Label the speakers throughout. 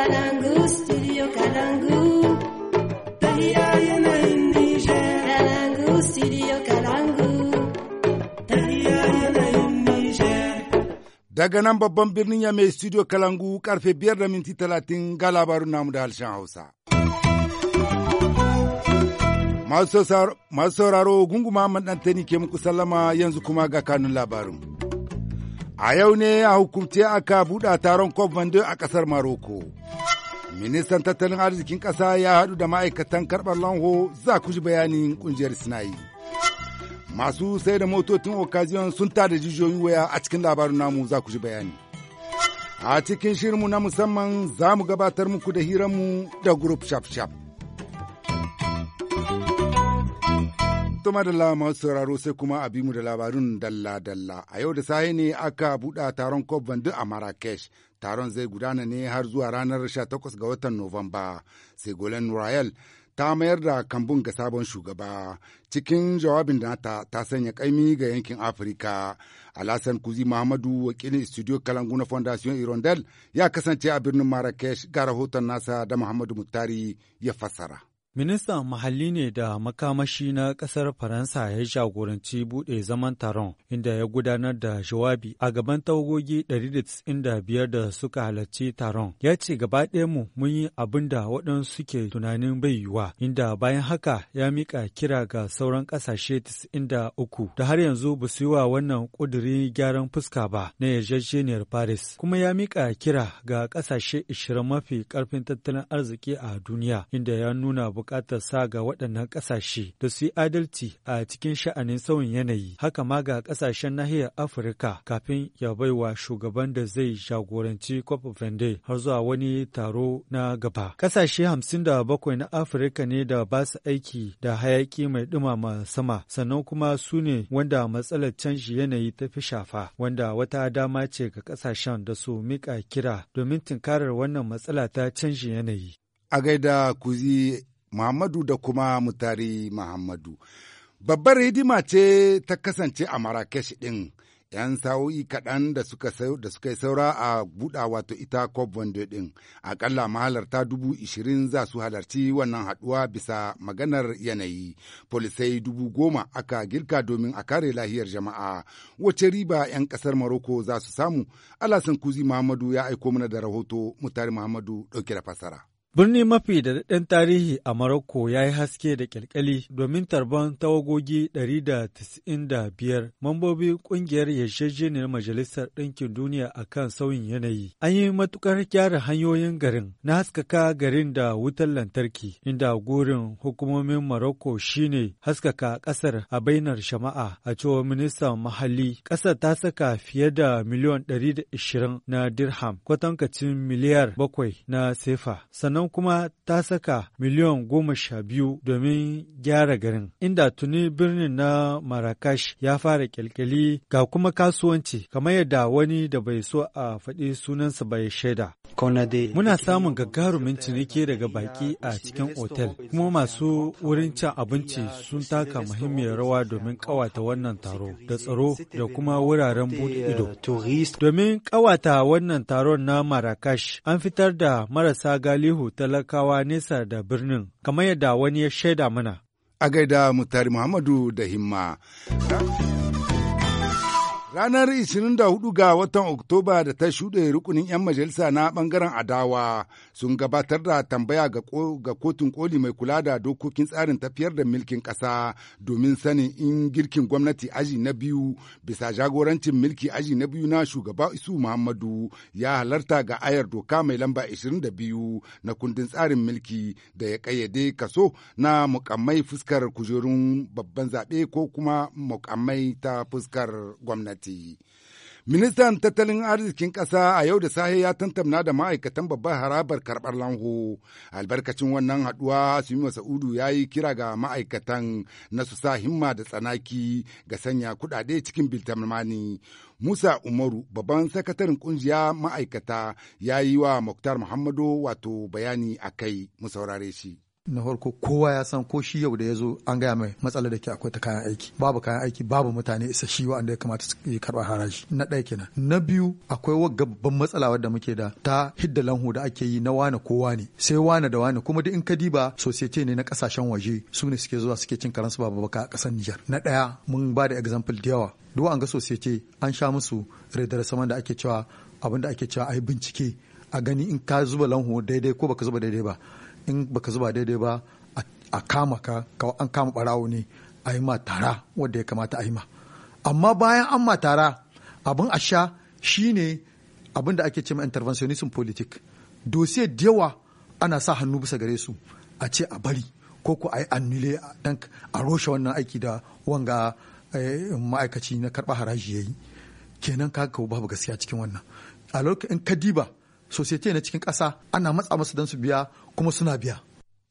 Speaker 1: Kalangu, studio Kalangu. Tahiya yanayin Nijar.
Speaker 2: Kalangu,
Speaker 1: studio Kalangu.
Speaker 2: Tahiya yanayin Nijar. Daga nan babban birnin ya mai studio Kalangu karfe biyar da minti talatin ga labarun namu da halshen Hausa. Masu sauraro gunguma maɗantani ke muku sallama yanzu kuma ga kanun labarin. A yau ne a hukumce aka buɗa taron COP22 a ƙasar Maroko. ministan tattalin arzikin ƙasa ya haɗu da ma'aikatan karɓar lanho za ku ji bayanin ƙungiyar sinayi masu sai da motocin occasion sun tada jijiyoyi waya a cikin labarin namu za ku ji bayani a cikin shirinmu na musamman za mu gabatar muku da hiranmu da group shaf shaf Tuma da masu sauraro sai kuma a mu da labarun dalla-dalla. A yau da sahi ne aka buɗa taron COP Vandu a Marrakesh. Taron zai gudana ne har zuwa ranar 18 ga watan Nuwamba. Segolen Royal ta mayar da kambun ga sabon shugaba. Cikin jawabin da ta, ta sanya kaimi ga yankin Afirka. Alasan Kuzi Muhammadu wakilin studio Kalangu na Fondation Irondel ya kasance a birnin Marrakesh ga rahoton nasa da Muhammadu Muttari ya fassara.
Speaker 3: Ministan Muhalli ne da makamashi na ƙasar Faransa ya jagoranci buɗe zaman taron inda ya gudanar da jawabi a gaban tawagogi 195 da suka halarci taron. Ya ce gaba mu mun yi abin da waɗansu suke tunanin bai yiwa inda bayan haka ya mika kira ga sauran ƙasashe 93 da har yanzu ba su yi wa wannan ƙuduri gyaran fuska ba na yarjejeniyar Paris. Kuma ya mika kira ga ƙasashe 20 mafi ƙarfin tattalin arziki a duniya inda ya nuna buƙatar sa ga waɗannan ƙasashe da su yi adalci a cikin sha'anin sauyin yanayi haka ma ga ƙasashen nahiyar afirka kafin ya baiwa shugaban da zai jagoranci cop har zuwa wani taro na gaba ƙasashe hamsin da bakwai na afirka ne da ba su aiki da hayaƙi mai ɗumama sama sannan kuma su ne wanda matsalar canji yanayi ta fi shafa wanda wata dama ce ga ƙasashen da su mika
Speaker 2: kira domin tunkarar wannan matsala ta canji yanayi a gaida kuzi Muhammadu da kuma Mutari Muhammadu. Babbar hidima ce ta kasance a Marrakesh ɗin. 'yan sa'o'i kaɗan da suka yi saura a buɗa wato ita cop ɗin Aƙalla mahalarta dubu ishirin za su halarci wannan haɗuwa bisa maganar yanayi polisai dubu goma aka girka domin a kare lahiyar jama'a wace riba 'yan ƙasar maroko za su samu alasan kuzi muhammadu ya aiko mana da rahoto Mutari muhammadu ɗauke da fasara
Speaker 3: Birni mafi da daɗin tarihi a Maroko ya yi haske da kyalkyali domin tarban tawagogi 195 mambobi ƙungiyar yarjejeniyar Majalisar Ɗinkin Duniya a kan sauyin yanayi. An yi matuƙar gyara hanyoyin garin na haskaka garin da wutar lantarki, inda gurin hukumomin Maroko shine haskaka ƙasar a bainar shama'a a cewar ministan mahalli. Ƙasar ta saka fiye da miliyon 120 na dirham, kwatankacin miliyar 7 na sefa. Sannan sannan kuma ta saka miliyon goma sha biyu domin gyara garin inda tuni birnin na marrakesh ya fara kyalkyali ga kuma kasuwanci kamar yadda wani da bai so a faɗi sunansa bai shaida muna samun gagarumin ciniki daga baki a cikin otel kuma masu wurin cin abinci sun taka muhimmiyar rawa domin kawata wannan taro da tsaro da kuma wuraren buɗe ido eh, domin kawata wannan taron na marrakesh an fitar da marasa galihu talakawa nesa da birnin, kamar yadda
Speaker 2: wani ya shaida mana. A gaida Mutari Muhammadu da Himma. Ranar 24 ga watan Oktoba da ta shuɗe rukunin 'yan majalisa na ɓangaren adawa sun gabatar da tambaya ga kotun koli mai kula da dokokin tsarin tafiyar da milkin ƙasa domin sanin in girkin gwamnati aji na biyu bisa jagorancin milki aji na biyu na shugaba Isu Muhammadu ya halarta ga ayar doka mai lamba 22 na kundin tsarin milki da ya ƙayyade kaso na mukammai fuskar kujerun babban zaɓe ko kuma muƙamai ta fuskar gwamnati. gwamnati. Ministan tattalin arzikin ƙasa a yau da sahe ya tantamna da ma'aikatan babbar harabar karɓar lanho. Albarkacin wannan haɗuwa Asimi Sa'udu ya yi kira ga ma'aikatan na su sa himma da tsanaki ga sanya kuɗaɗe cikin biltamani. Musa Umaru, babban sakataren ƙungiya ma'aikata, ya yi wa Muktar Muhammadu wato bayani a kai, mu saurare shi.
Speaker 4: na farko kowa ya san ko shi yau da ya zo an gaya mai matsalar da ke akwai ta kayan aiki babu kayan aiki babu mutane isa shi wanda ya kamata su karɓar haraji na ɗaya kenan na biyu akwai wagga babban matsala wadda muke da ta hidda lanhu da ake yi na wane ko wane sai wane da wane kuma duk in ka diba society ne na kasashen waje su ne suke zuwa suke cin karansu babu baka a ƙasar Nijar na ɗaya mun ba da example da yawa duk an ga society an sha musu redar saman da ake cewa abin da ake cewa a yi bincike a gani in ka zuba lanhu daidai ko baka zuba daidai ba in baka zuba daidai ba a kama ka an kama barawo ne a yi ma tara wanda ya kamata a yi ma amma bayan an ma tara abin a sha shine abin da ake cewa interventionism politic dosiye yawa ana sa hannu bisa gare su a ce a bari ko ku a yi annule dan a roshe wannan aiki da wanga eh, ma'aikaci na karba haraji ya yi kenan ka babu gaskiya cikin wannan a lokacin in ka diba societe na cikin ƙasa ana matsa masu don su biya kuma suna biya.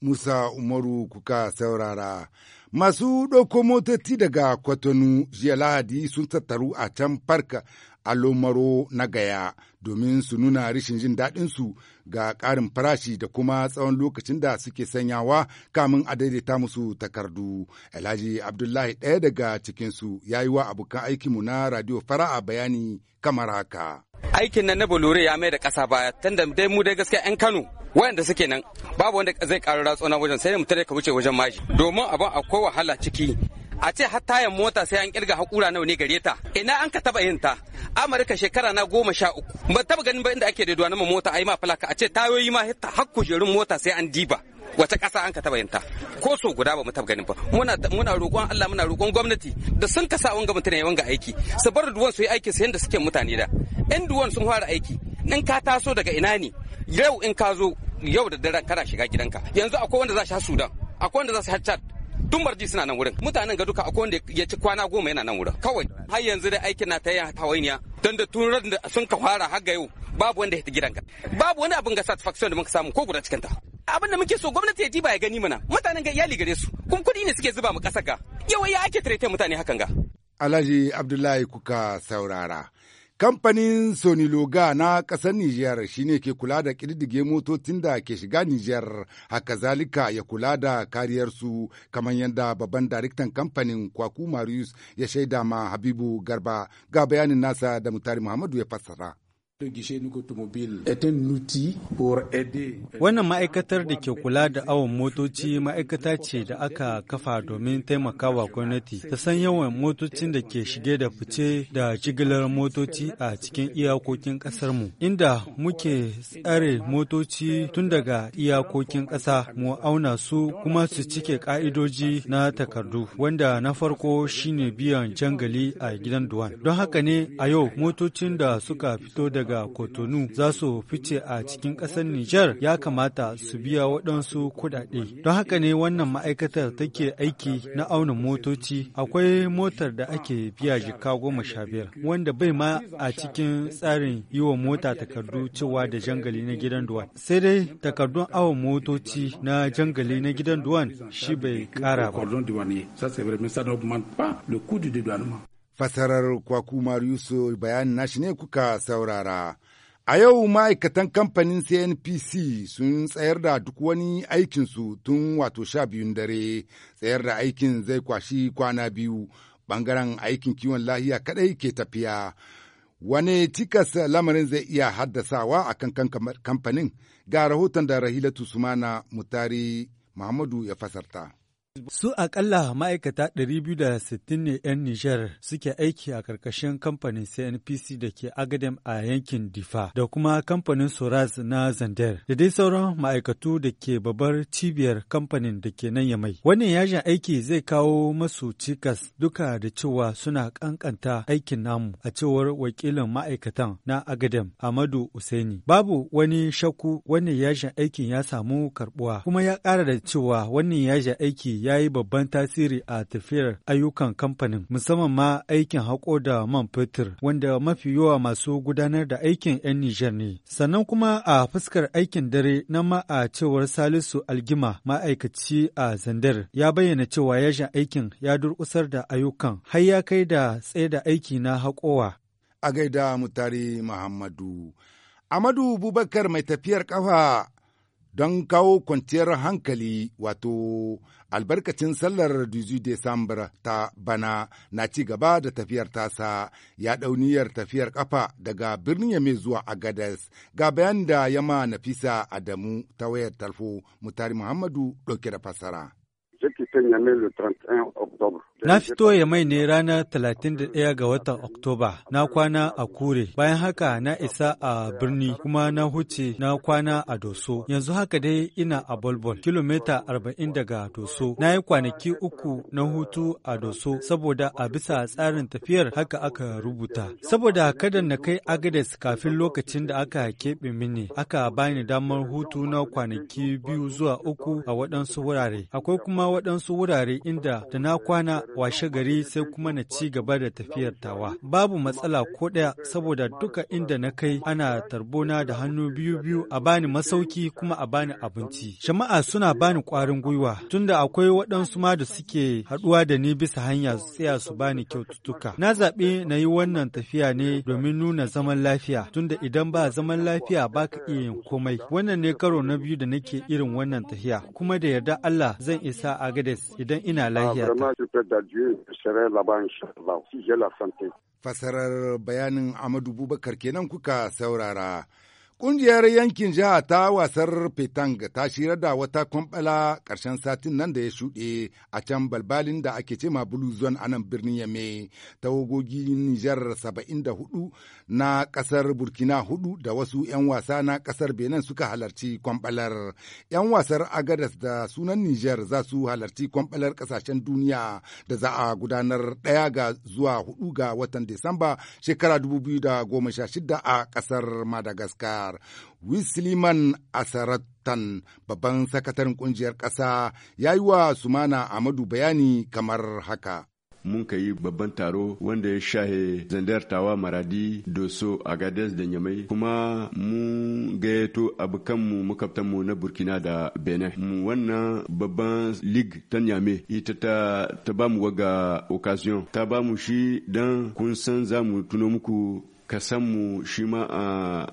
Speaker 2: Musa Umaru kuka saurara. Masu ɗauko motoci daga Kwatano jiya Lahadi sun tattaru a can farka al'ummaro na gaya domin su nuna rashin jin daɗinsu ga ƙarin farashi da kuma tsawon lokacin da suke sanyawa kamin a daidaita musu takardu. Alhaji Abdullahi ɗaya daga cikinsu ya yi wa abokan aikinmu na Radio Fara'a bayani kamar haka.
Speaker 5: Aikin nan na Bolore ya mai da ƙasa baya, tanda dai mu dai gaskiya 'yan Kano wayanda suke nan babu wanda zai ƙara ratsona wajen sai mutane ka wuce wajen maji domin abin akwai wahala ciki a ce har tayan mota sai an kirga hakura nawa ne gare ta ina an ka taba yin ta amurka shekara na goma sha uku ban taba ganin ba inda ake da na mota yi ma falaka a ce tayoyi ma har kujerun mota sai an diba wata ƙasa an ka taba yin ta. ko so guda ba mu taba ganin ba muna muna roƙon Allah muna roƙon gwamnati da sun ka sa wanga mutane wanga aiki su bar duwan su yi aiki su yanda suke mutane da In duwan sun fara aiki in ka taso daga ina ne yau in ka zo yau da daren kana shiga gidanka yanzu akwai wanda za shi har Sudan akwai wanda za su har Chad duk marji suna nan wurin mutanen ga duka akwai wanda ya ci kwana goma yana nan wurin kawai har yanzu dai aikin na ta yi hawainiya don da turar da sun ka fara har ga yau babu wanda ya ta gidanka babu wani abin ga satisfaction da muka samu ko guda cikin ta abin da muke so gwamnati ya ji ba ya gani mana mutanen ga iyali gare su kuma kuɗi ne suke zuba mu ƙasa ga yawa ya ake tare mutane hakan ga
Speaker 2: Alhaji Abdullahi kuka saurara. Kamfanin sony Soniloga na ƙasar Nijiyar shine ke kula da ƙididdige motocin da ke shiga Nijiyar, haka zalika ya kula da kariyarsu kamar yadda babban daraktan kamfanin Kwaku Marius ya shaida ma Habibu Garba ga bayanin nasa da Mutari Muhammadu ya fassara.
Speaker 3: Wannan ma'aikatar da ke kula da awon motoci ma'aikata ce da aka kafa domin taimakawa gwamnati ta san yawan motocin da ke shige da fice da jigilar motoci a cikin iyakokin mu inda muke tsare motoci tun daga iyakokin ƙasa mu auna su kuma su cike ƙa'idoji na takardu, wanda na farko shine biyan jangali a gidan Duwan. Don haka ne a yau motocin da suka fito daga daga Kotonu za su fice a cikin ƙasar Nijar ya kamata su biya waɗansu kuɗaɗe. Don haka ne wannan ma'aikatar take aiki na auna motoci akwai motar da ake biya jika goma sha biyar wanda bai ma a cikin tsarin yi wa mota takardu cewa da jangali na gidan duwan. Sai dai takardun awon motoci na jangali na gidan duwan
Speaker 2: shi bai ƙara ba. fasarar kwaku Mariusu bayanin nashi ne kuka saurara. A yau ma'aikatan kamfanin CNPC sun tsayar da duk wani aikinsu tun wato sha biyun dare, tsayar da aikin zai kwashi kwana biyu, ɓangaren aikin kiwon lahiya kadai ke tafiya. Wane cikas lamarin zai iya haddasawa a kan kamfanin ga rahoton da Rahilatu Sumana Mutari Muhammadu ya fasarta.
Speaker 3: Su akalla ma'aikata 260 ne 'yan Nijar suke aiki a ƙarƙashin kamfanin CNPC da ke Agadem a yankin Difa da kuma kamfanin Soraz na Zander da dai sauran ma'aikatu da ke babbar cibiyar kamfanin da ke nan Yamai. Wannan yajin aiki zai kawo masu cikas duka da cewa suna ƙanƙanta aikin namu a cewar wakilin ma'aikatan na Agadem Amadu Usaini. Babu wani shaku wannan yajin aikin ya samu karbuwa kuma ya ƙara da cewa wannan yajin aiki ya yi babban tasiri a tafiyar ayyukan kamfanin musamman ma aikin haƙo da man fetur wanda mafi yawa masu gudanar da aikin 'yan Nijar ne. Sannan kuma a fuskar aikin dare na ma a cewar Salisu Algima ma'aikaci a Zandar ya bayyana cewa yashin aikin ya durƙusar da ayyukan har ya kai da tsaye
Speaker 2: da aiki na haƙowa. A gaida Mutari Muhammadu. Amadu Bubakar mai tafiyar ƙafa don kawo kwanciyar hankali wato albarkacin sallar 18 Desambar ta bana na ci gaba da tafiyar tasa ya dauniyar tafiyar kafa daga birnin mai zuwa a gadas ga bayan da yama Nafisa Adamu ta wayar talfo Mutari Muhammadu ɗauke da fassara. Jiki
Speaker 3: 31 Na fito ya mai ne ranar 31 ga watan Oktoba, na kwana a Kure, bayan haka na isa a birni kuma na huce na kwana a Doso. Yanzu haka dai ina a Bolbol, kilomita 40 daga Doso. Na yi kwanaki uku na hutu a Doso saboda a bisa tsarin tafiyar haka aka rubuta. Saboda kada na kai Agades kafin lokacin da aka keɓe mini, aka bani damar hutu na kwanaki biyu zuwa uku a waɗansu wurare. Akwai kuma waɗansu wurare inda da na kwana washe gari sai kuma na ci gaba da tafiyar tawa. Babu matsala ko ɗaya saboda duka inda na kai ana tarbona da hannu biyu biyu a bani masauki kuma a bani abinci. Jama'a suna bani ƙwarin gwiwa tunda akwai waɗansu ma da suke haɗuwa da ni bisa hanya su tsaya su bani kyaututtuka. Na zaɓi na yi wannan tafiya ne domin nuna zaman lafiya tunda idan ba zaman lafiya ba ka iya yin komai. Wannan ne karo na biyu da nake irin wannan tafiya kuma da yarda Allah zan
Speaker 2: isa Agades idan ina lafiya. Dieu Dieu, je serai là si j'ai la santé. Fasarar bayanin Amadu Bubakar kenan kuka saurara. Ƙungiyar yankin jiha ta wasar Petang ta shirar da wata kwamɓala ƙarshen satin nan da ya shuɗe a can balbalin da ake ma Blue Zone a nan birnin Yame, tawagogin Nijar hudu na ƙasar Burkina hudu da wasu 'yan wasa na ƙasar Benin suka halarci kwamɓalar. 'Yan wasar Agadas da sunan Nijar za su halarci kwamɓalar ƙasashen duniya da za a gudanar ɗaya ga zuwa hudu ga watan Disamba shekara sha 2016 a ƙasar Madagascar. Qatar, Wisliman asaratan babban sakataren kungiyar ƙasa ya yi wa Sumana Amadu bayani kamar haka.
Speaker 1: mun ka yi babban taro wanda ya shahe zandar tawa maradi doso gades da nyamai kuma mun gayyato abokanmu mu na burkina da benin mu wannan babban lig ta nyame ita ta ta ba mu waga occasion ta ba mu shi dan kun san za mu tuno muku mu shi ma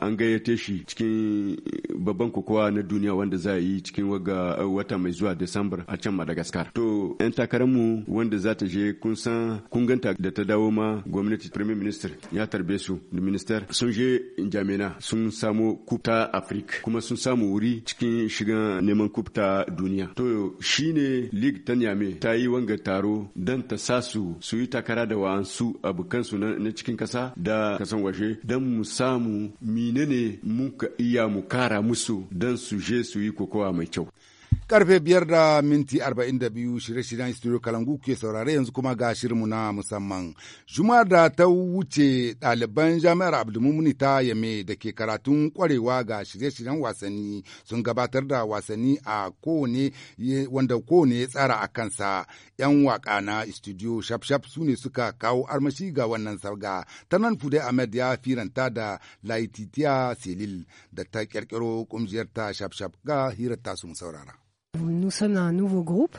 Speaker 1: an gayyate shi cikin babban kokowa na duniya wanda za a yi cikin wata mai zuwa Desambar a can Madagascar. To, 'yan takararmu wanda za ta je kun san kun ganta da ta dawo ma gwamnati Premier Minister ya tarbe su da Minister sun je Njamena sun samu kupta Afrika kuma sun samu wuri cikin shiga neman kupta duniya. To, shi ne League ta Niamey ta yi wanga taro don ta sa su su yi takara da wa'ansu abokansu na cikin kasa da kasan waje don mu samu menene muka iya mu kara musu don su je su yi kokowa mai kyau
Speaker 2: Karfe biyar da minti arba'in da biyu shirye-shiryen studio Kalangu ke saurare yanzu kuma ga shirinmu na musamman. Juma da ta wuce ɗaliban jami'ar Abdulmumuni ta Yame da ke karatun kwarewa ga shirye-shiryen wasanni sun gabatar da wasanni a kowane wanda kowane ya tsara a kansa. 'Yan waka na studio shafshaf su ne suka kawo armashi ga wannan sarga. Ta nan Fude Ahmed ya firanta da Laititiya Selil da ta kirkiro ƙungiyar ta shafshaf ga hirar tasu mu saurara.
Speaker 5: Nous sommes un nouveau groupe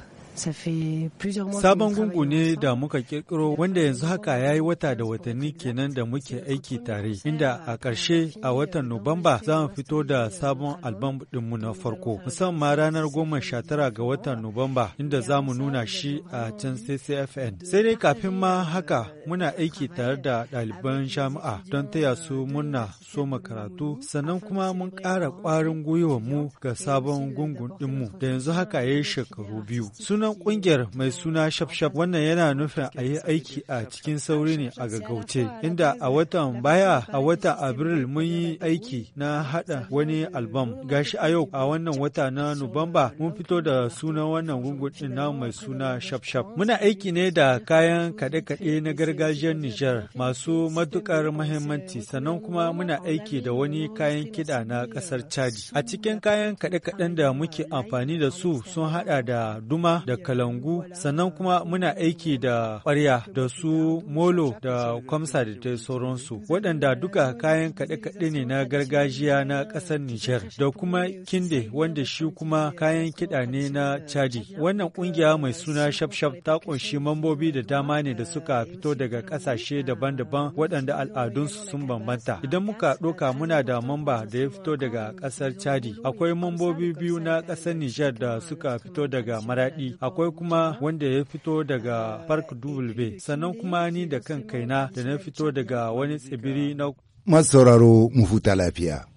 Speaker 2: Sabon gungu ne da muka kirkiro wanda yanzu haka ya yi wata
Speaker 3: da watanni kenan da muke aiki tare, inda a ƙarshe a watan Nuwamba za mu fito da sabon albam ɗinmu na farko, musamman ranar goma sha tara ga watan Nuwamba inda za mu nuna shi a can CCFN. Sai dai kafin ma haka muna aiki tare da ɗaliban jami'a don taya su murna soma karatu, sannan kuma mun ƙara ƙwarin gwiwa mu ga sabon gungun ɗinmu da yanzu haka ya yi shekaru biyu. Suna sunan kungiyar mai suna shafshaf wannan yana nufin a yi aiki a cikin sauri ne a gaggauce inda a watan baya a watan abril mun yi aiki na hada wani albam gashi a yau a wannan wata na nuwamba mun fito da suna wannan gungun na mai suna shafshaf muna aiki ne da kayan kaɗe-kaɗe na gargajiyar Nijar masu matukar muhimmanci sannan kuma muna aiki da wani kayan kiɗa na ƙasar Chadi a cikin kayan kaɗe-kaɗen da muke amfani da su sun hada da duma da kalangu sannan kuma muna aiki da ƙwarya da su molo da kwamsa da dai sauransu waɗanda duka kayan kaɗe-kaɗe ne na gargajiya na ƙasar Nijar da kuma kinde wanda shi kuma kayan kiɗa ne na Chadi. Wannan ƙungiya mai suna Shafshaf ta ƙunshi mambobi da dama ne da suka fito daga ƙasashe daban-daban waɗanda al'adunsu sun bambanta. Idan muka ɗoka muna da mamba da ya fito daga ƙasar Chadi. Akwai mambobi biyu na ƙasar Nijar da suka fito daga Maraɗi. akwai kuma wanda ya fito daga Park W sannan kuma ni da kan kaina da na fito daga wani tsibiri na
Speaker 2: masu sauraro mu huta lafiya.